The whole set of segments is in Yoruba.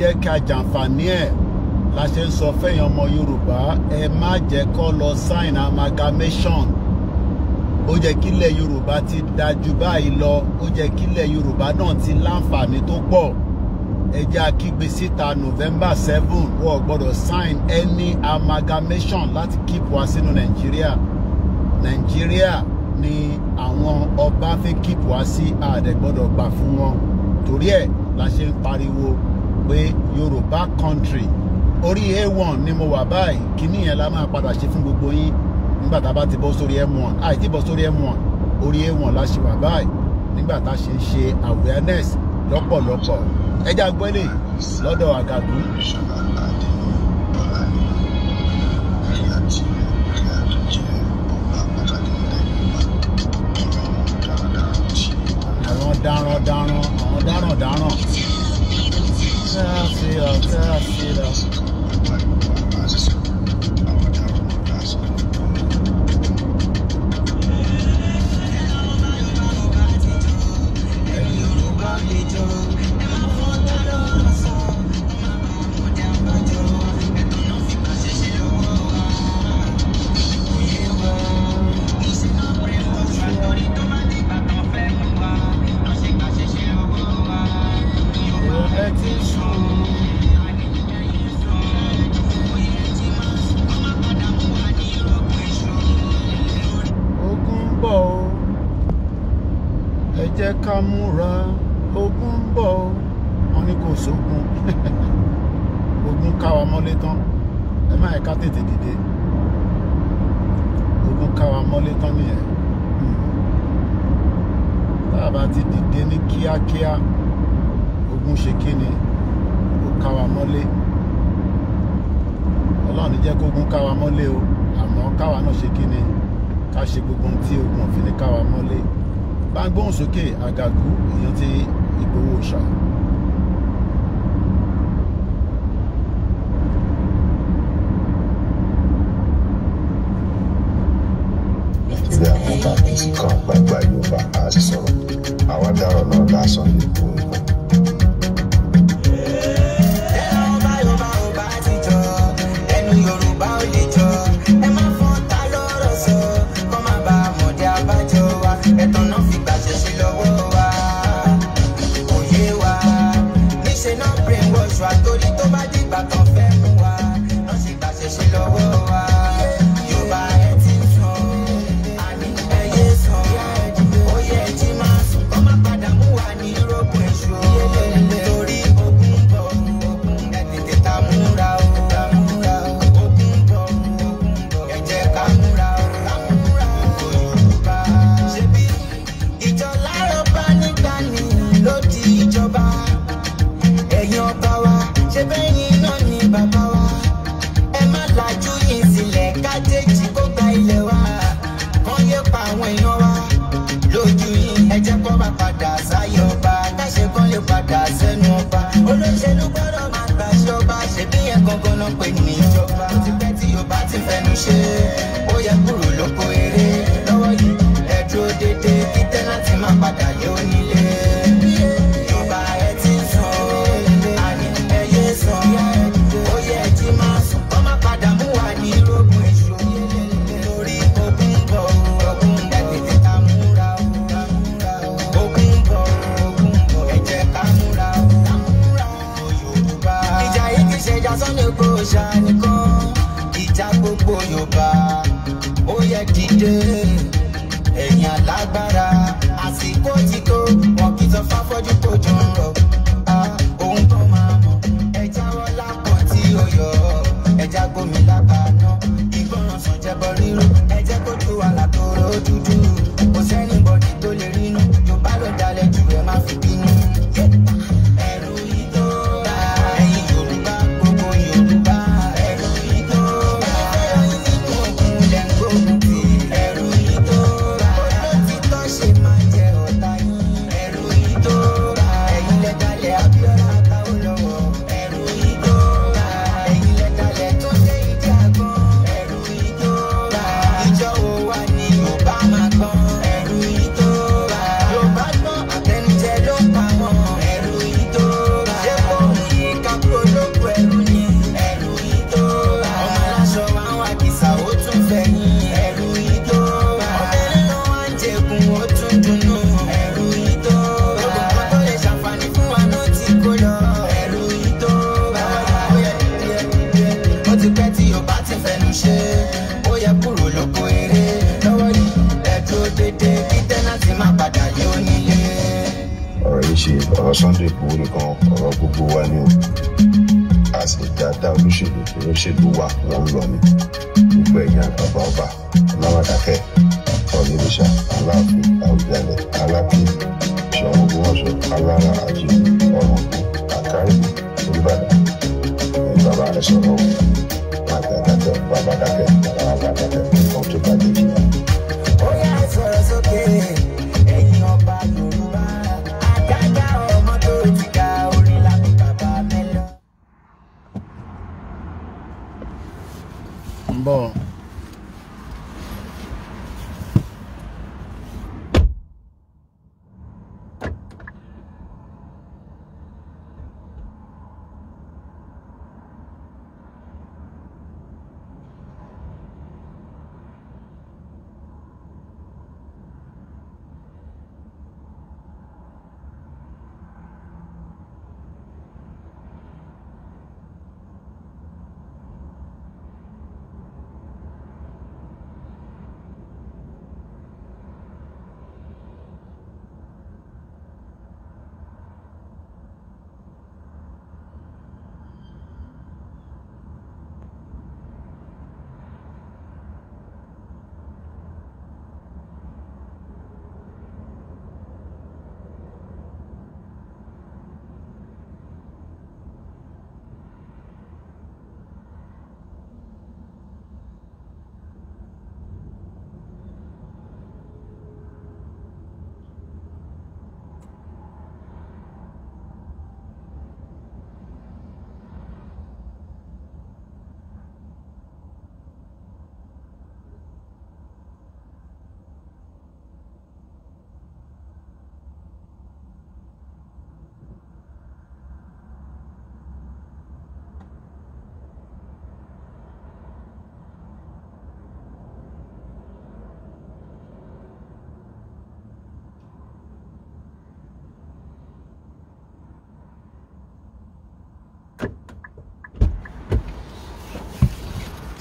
jẹ́ ká jàǹfààní ẹ̀ la ṣe ń sọ fẹ́yìn ọmọ Yorùbá ẹ má jẹ́ kó lọ sign amalgamation ó jẹ́ kílẹ̀ Yorùbá ti dájú báyìí lọ ó jẹ́ kílẹ̀ Yorùbá náà ti láǹfààní tó pọ̀ ẹ jẹ́ akígbe síta November seven wọ́n gbọ́dọ̀ sign any amalgamation láti keep wa sínú Nàìjíríà Nàìjíríà ni àwọn ọba fẹ́ keep wa sí àdẹ̀gbọ́dọ̀ gbà fún wọn torí ẹ̀ la ṣe ń pariwo pé yorùbá country orí a1 ni mo wà báyìí kíní yẹn la máa padà ṣe fún gbogbo yín nígbà tá a bá ti bọ́ sórí m1 àìtí bọ́ sórí m1 orí a1 la ṣe wà báyìí nígbà tá a ṣe ń ṣe awareness lọ́pọ̀lọpọ̀ ẹja gbẹ́lẹ̀ lọ́dọ̀ àgàdú. àwọn darandaran àwọn darandaran. 这样子的，这样子 mọ́lé ọlọ́run ní jẹ́ kó ogun ká wa mọ́lé o àmọ́ káwa náà ṣe kí ni ká ṣe gbogbo ohun tí ogun òfin ní ká wa mọ́lé bá ń gbóhùn sókè àgàgù èèyàn ti Ìgbòho ṣáà. ìdílé àkóbá kan gbàgbà Yorùbá a sọ̀rọ̀ àwa dárò náà lásán ní ìgbòho. aṣọ àtòrí tó bá dìgbà tó. àsìkò dáadáa olóṣèlú olóṣèlú wa wọn lọ ni gbogbo ẹ̀yin àgbààgbà ọba ọlọ́wàdàkẹ́ ọ̀nìyànṣà aláàfin àwùjalẹ̀ alákìlì ìṣọ̀wọ́n gbọ́nsọ̀ alára àti ọ̀run àkárí olùbàdàn bàbá rẹ sọ̀rọ̀ bàbá bàbá dàkẹ́ bàbá dàkẹ́ ọ̀tún bàjẹ́ jù. ó yà sọ̀rọ̀ sókè. ball.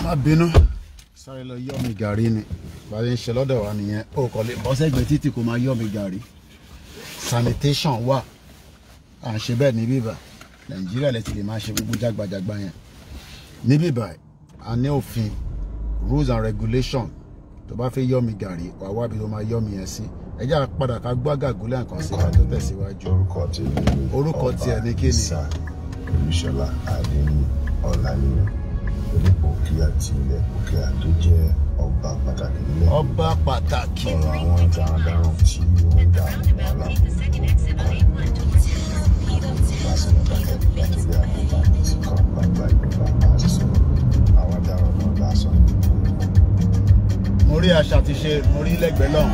má bínú sáré lọ yọ mi gàrí ni ìbáyé ń ṣe lọ́dọ̀ wa nìyẹn ó kọ́ lè bọ́ sẹ́gbẹ̀ẹ́ títì kó máa yọ mi gàrí sanitation wà à ń ṣe bẹ́ẹ̀ ní bíbà nàìjíríà lè ti lè máa ṣe gbogbo jágbajàgba yẹn ní bíbà a ní òfin rules and regulation tó bá fẹ́ yọ mi gàrí wàá wábi tó máa yọ mi yẹn sí ẹ jẹ́ àpadà ká gbọ́ àgàgúlẹ̀ nǹkan sí ká tó tẹ̀síwájú orúkọ tiẹ̀ ní kí ni. Olúṣọlá torí òkè àti ilẹ̀ òkè àtó jẹ́ ọba pàtàkì nílẹ̀. ọba pàtàkì. ọ̀rọ̀ àwọn darandaran tí ó dá wàhálà lásìkò dákẹ́ nàìjíríà kò bá ní sí kan gbangba ìjọba máa sọ àwọn adarọ̀ náà lásán. mo rí àṣà ti ṣe mo rí lẹ́gbẹ̀ẹ́ náà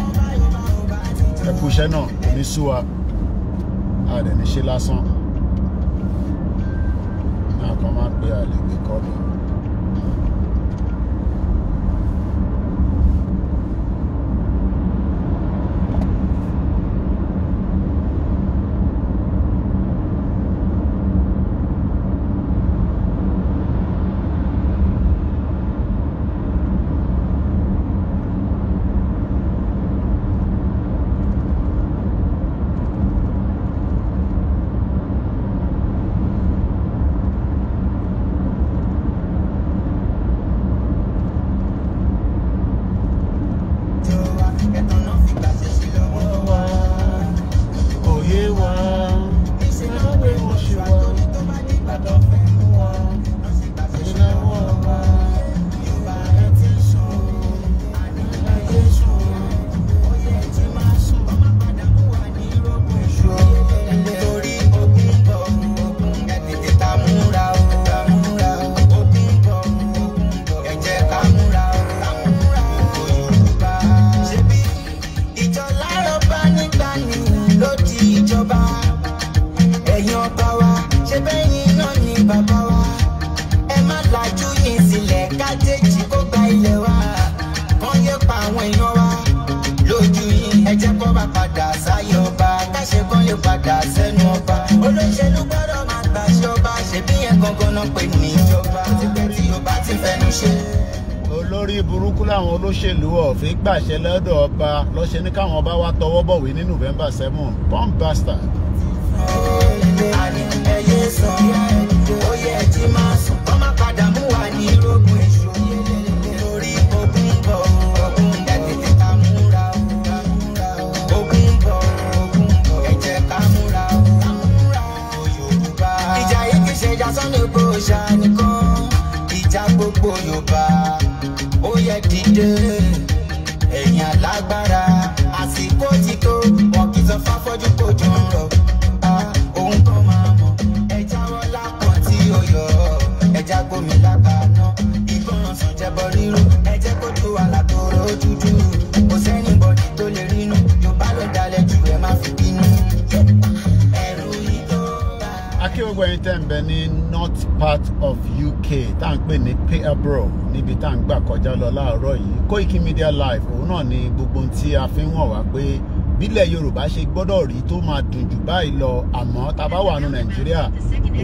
ẹ kú iṣẹ́ náà ní súwa a dẹ̀ ní ṣe lásán náà kan máa ń pè àlejò kọ́ mi. burúkú làwọn olóṣèlú ọ̀fẹ́ gbàṣẹ lọ́dọ̀ ọba lọ́ṣẹ ní káwọn ọba wa tọwọ́ bọ̀wé ní november seven bomb bastard. ìjà gbogbo Yorùbá fẹ́ dìde ẹ̀yin alágbára àsìkò ti tó wọn kì í sọ fáfọ́jú kò jọ ń rọ ohun kan máa mọ̀ ẹ jáwọ́ lápọ̀n tí ó yọ ẹ já gómi lábàánà ìbọn ọ̀sán jẹbọ rírú ẹ jẹ́ kó tó àlà tó rọ dúdú kò sẹ́ni bọ́dì tó lè rínú Yorùbá ló dalẹ̀ jù ẹ má fi bínú. ẹrù yìí tó bá. akérògbò ẹ̀yin tẹ́ ń bẹ ní north part of UK tá à ń pè ní Peterborough ibi tá à ń gbà kọjá lọ láàárọ̀ yìí Koiki Media Live òun náà ni gbogbo ohun tí a fi ń wọ̀n wá pé bílẹ̀ Yorùbá ṣe gbọ́dọ̀ rí tó máa dùn jù báyìí lọ àmọ́ tá bá wà nù Nàìjíríà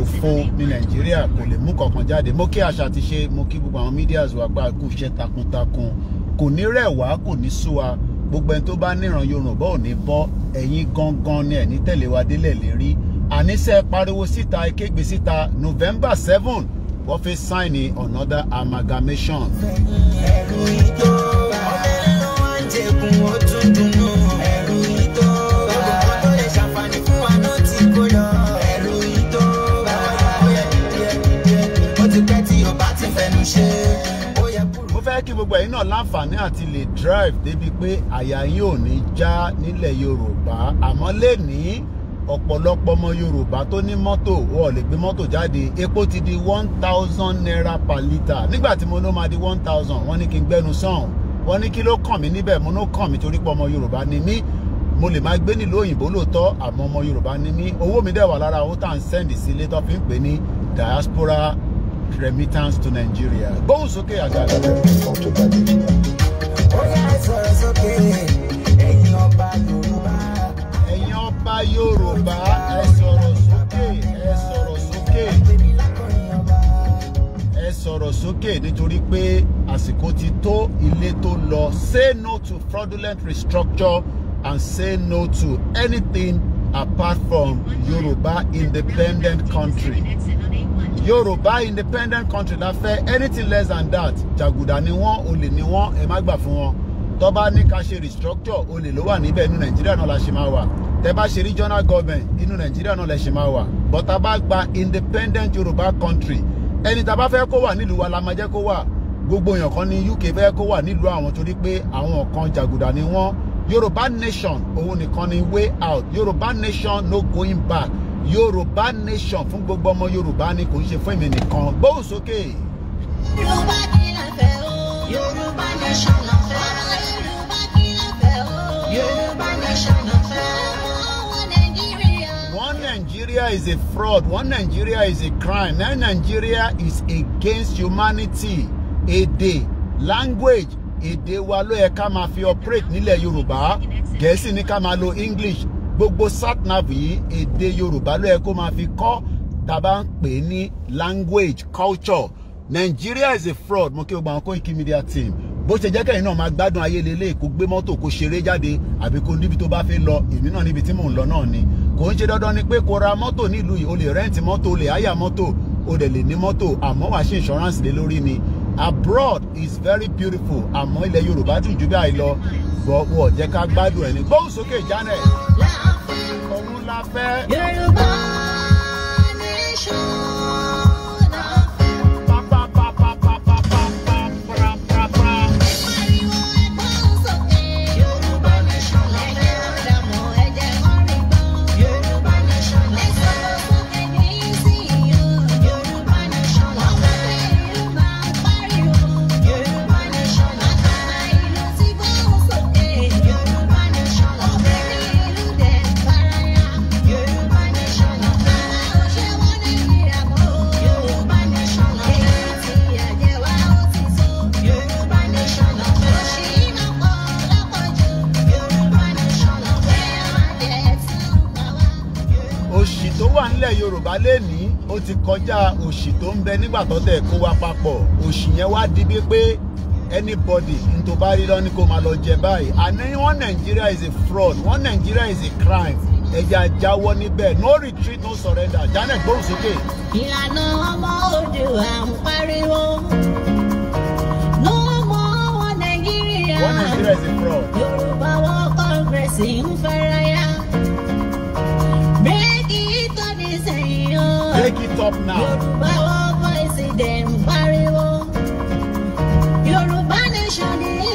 òfo ní Nàìjíríà kò lè mú kankan jáde mo kí àṣà ti ṣe mo kí gbogbo àwọn medias wa pé a kú takuntakun kò ní rẹ̀ kò ní sú wa gbogbo ẹni tó bá níran Yorùbá ò ní bọ́ ẹ̀yin gangan ni ẹ̀ní tẹ̀lé wa délẹ̀ lérí àníṣe pariwo síta ìkégbè síta November seven wọ́n fi sign in another amalgamation. ẹ̀rù fẹ́ kí gbogbo ẹ̀yin náà láǹfààní àti lè drive débi pé àyà yín ò ní já nílẹ̀ Yorùbá àmọ́ lè ní ọ̀pọ̀lọpọ̀ ọmọ Yorùbá tó ní mọ́tò wọ́n lè gbé mọ́tò jáde epo ti di one thousand naira per litre nígbà tí mo ló máa di one thousand wọ́n ní kí n gbẹ́nu sàn wọ́n ní kí ló kàn mí níbẹ̀ mo ló kàn mí torí pé ọmọ Yorùbá ni mí mo lè máa gbé nílùú òyìnbó lóòótọ́ àmọ́ ọmọ Yorùbá ni mí owó mi dẹ̀ wà lára owó tá à ń sẹ́ndì sí ilé tó fi ń pè ní diaspora remittance to Nigeria gbóhùn sókè àgbàdo. ó yà sọ̀rọ̀ sókè. Yorùbá ẹ sọ̀rọ̀ sókè ẹ sọ̀rọ̀ sókè ẹ sọ̀rọ̀ sókè nítorí pé àsìkò ti tó ilé tó lọ say no to fraudulent restructure and say no to anything apart from Yorùbá independent country Yorùbá independent country la fẹ́ anything less than that jàgùdà ni wọ́n olè ni wọ́n ẹ má gbà fún wọn tó bá ní ká ṣe restructure olè ló wà níbẹ̀ inú nàìjíríà náà la ṣe máa wà tẹ́ bá ṣe regional government inú nàìjíríà náà la ṣe máa wà but tá bá gba independent yorùbá country ẹni tá bá fẹ́ kó wà nílùú wa la máa jẹ́ kó wà gbogbo èèyàn kan ní uk fẹ́ kó wà nílùú àwọn torí pé àwọn kan jàgùdà ni wọ́n yorùbá nation òun nìkan ni way out yorùbá nation no going back yorùbá nation fún gbogbo ọmọ yorùbá ni kò ń ṣe fún èmi nìkan gbóhùn sókè. yorùbá ni la fẹ́ o yorùbá nation la fẹ́. One Nigeria. is a fraud. One Nigeria is a crime. Now Nigeria is against humanity. Èdè, language, èdè wa ló yẹ ká fi operate nile yoruba. Gẹ̀ẹ́sì ní ká lo English. Gbogbo sat yìí èdè Yorùbá yoruba. yẹ kó máa fi ko tá a bá language culture. Nigeria is a fraud. Mo banko o gba àwọn team bó ṣe jẹ́ kẹ́yìn náà máa gbádùn ayé lélẹ̀ kó gbé mọ́tò kó ṣeré jáde àbí kó níbi tó bá fẹ́ lọ èmi náà níbi tí mò ń lọ náà ni kò ń ṣe dandan ni pé kó ra mọ́tò nílùú yìí o lè rẹ́ǹtì mọ́tò o lè háyà mọ́tò o dẹ̀ lè ní mọ́tò àmọ́ wàá ṣe insurance lé lórí ni abroad is very beautiful àmọ́ ilẹ̀ Yorùbá dùn jù báyìí lọ gbọ́wọ́ jẹ́ ká gbádùn ẹni gbóhùn sókè Janet ọ̀run la fẹ́. Yorùbá nation. nílẹ̀ yorùbá lẹ́ni ó ti kọjá òṣì tó ń bẹ nígbà tó tẹ̀ kó wa papọ̀ òṣì yẹn wá di bí pé anybody n bá rí lọ ni kó máa lọ jẹ báyìí àní wọn nàìjíríà is a fraud wọn nàìjíríà is a crime ẹja jáwọ́ níbẹ̀ no retreat no surrender janet gbóhùn sókè. ìlànà ọmọ òde wa ń pariwo ló ọmọ nàìjíríà yorùbá world congress ń fẹ́ràn Take it up now. Yorùbá wọ́n voice dem pariwo. Yorùbá nation ni.